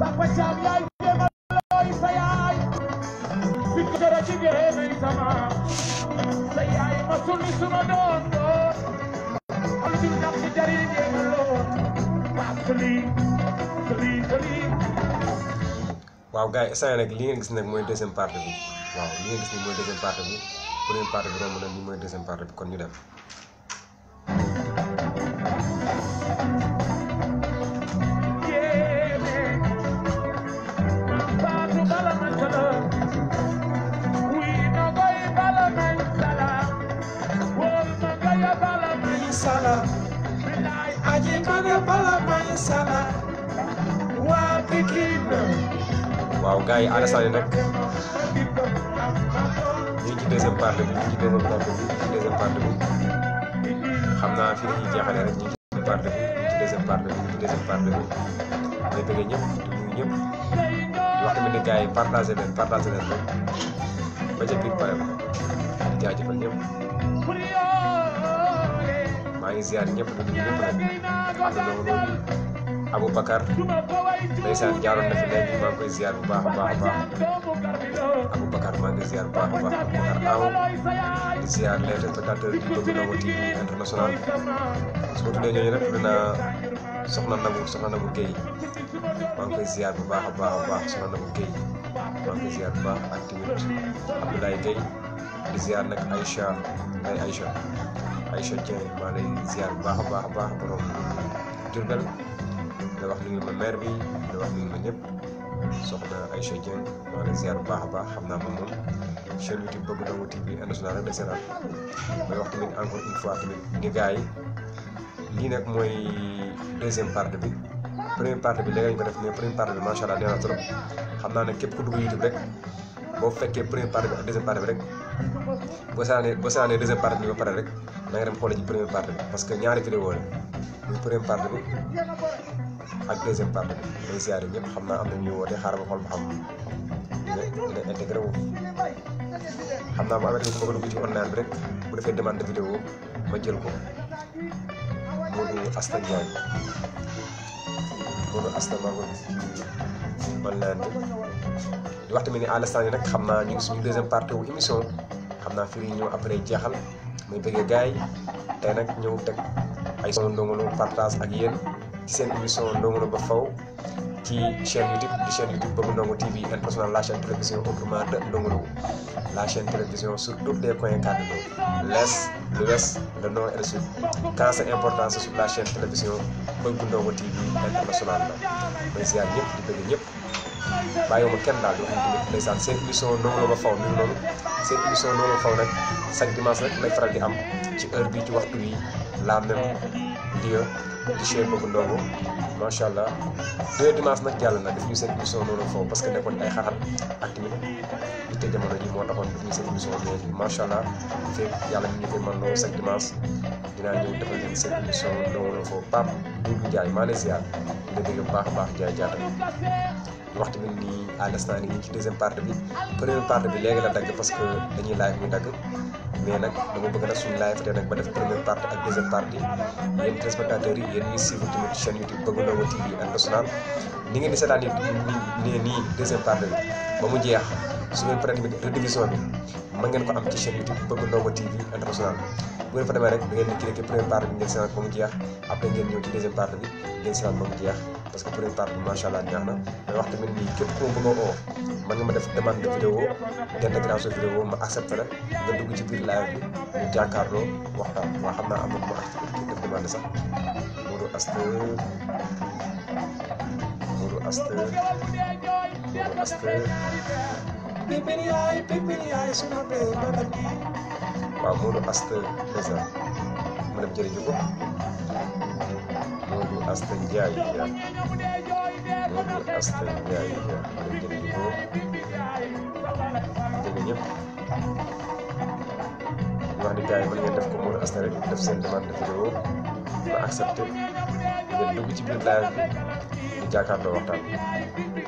Papa Thiam yaay jéema looy sa yaay bi ko sama sa yaay ma sunu sunu doon doon alu dul nam ci dari jéema loon waaw gars yi saa nag li ngeen gis nag mooy deuxième partie bi waaw li ngeen gis ni mooy deuxième partie bi première partie bi romb na ni mooy deuxième partie bi kon ñu dem sana aje kaga bala mai sana wa pikin waaw gars yi ci deuxième part bi ci deuxième part bi ci deuxième part bi di maa ngi ziar ñëpp abu nuyu ñëpp nag am na loolu loolu Aboubacar ndeysaan jaaroon na fi léegi maa ngi koy ziar bu baax a baax a baax maa ngi ziar bu baax a Aw di ziar les téléspectateurs du Domingo TV international su ma tuddee ñooñu nag dina soxna Nabu soxna Nabu Guèye maa ngi koy ziar bu baax a baax a baax soxna Nabu Guèye ngi koy ziar bu Abdoulaye Guèye. di ziar nag Aïcha ay Aïcha maa lay ziar bu baax baax a baax borom Diourbel da wax nuyu ma maire bi da wax nuyu ma ñëpp soxna Aïcha Dieng maa lay bu baax a baax xam naa moom moom chaîne YouTube bëgg Ndongo TV international rek de seetaan may wax tamit encore une fois ni gars yi lii nag mooy deuxième partie bi première partie bi léegi ñu ko def ne première partie bi macha allah nee na trop xam naa ne képp ku dugg YouTube rek. boo fekkee première partie bi ak deuxième partie bi rek boo saanee boo saanee deuxième partie bi ba pare rek na nga dem xoolee ci première partie bi parce que ñaari vidéo la muy première partie bi ak deuxième partie bi day siyaare ñëpp xam naa am na ñu woote xaaral ma xool ma xam dina dina intégré wu. xam naa bu amee tamit bëgg dugg ci online bi rek bu defee demande de vidéo ma jël ko Modou Asta Ndiaye Modou Asta maa ngi online bi. di mi tamit ni à l'instant nag xam naa ñu ngi suñu deuxième partie wu émission xam naa fii ñëw après jeexal muy bëggee gars yi tey nag ñëw teg ay son Ndongo Lo ak yéen ci seen émission Ndongo ba faw ci chaîne YouTube di chaîne YouTube boobu Ndongo TV international la chaîne télévision autrement de Ndongo Lo la chaîne télévision sur tous les coins cardinaux l'est l'ouest le nord et le sud quand c'est important c'est sur la chaîne télévision bëgg Ndongo TV international la may bàyyiwuma kenn daal di wax tamit ndeysaan seen émission Ndongo Lo ba faw mi ngi noonu seen émission Ndongo Lo ba faw nag chaque dimanche rek lay faral di am ci heure bi ci waxtu wi la même lieu di chère boobu Ndongo macha allah deux na def ñu seen émission Ndongo Lo ba faw parce que nekkoon ay xaxat ak tamit li te jamono ji moo taxoon def ñu seen émission mais macha allah feeg yàlla ñu ngi koy mën loo chaque dimanche ñëw defal leen seen émission Ndongo faw Pape Doudou Ndiaye maa nga dégg bu baax a baax Ndiaye jaata waxtu bi nii à l'instant ni ngi ci deuxième bi première partie bi léegi la dagg parce que dañuy live muy dagg mais nag dama bëgg nag suñu live te nag ba def première partie ak yi yéen ñuy suivre tamit chaîne YouTube International ni ngeen di seetaan nii nii deuxième bi ba mu jeex su ngeen paree tamit bi mën ngeen ko am ci chaîne YouTube Bëgg Ndongo TV International bu ngeen demee rek da ngeen di cliquer première partie bi ngeen seetaan ba jeex après ngeen ñëw ci deuxième bi ngeen seetaan parce que première part bi macha allah neex na mais wax tamit nii képp ku ma bëgg a oo man nga ma def demande de vidéo d'intégration vidéo ma accepté la nga dugg ci biir live bi ñu jàkkaarloo waxtaan waa xam naa am na mu wax ci def demande sax Modou Asta Modou Asta Modou Asta pipin yaay pipin yaay suma bee ma waaw Modou Asta dèjà ma dem jëriñu ko Modou Asta Ndiaye Dia Modou Asta Ndiaye Dia ma leen jëfandikoo dégg wax ni gars yi mën ngeen def ko Modou Asta rek def seen demande de vidéo ma accepté ngeen dugg ci biir live bi ñu waxtaan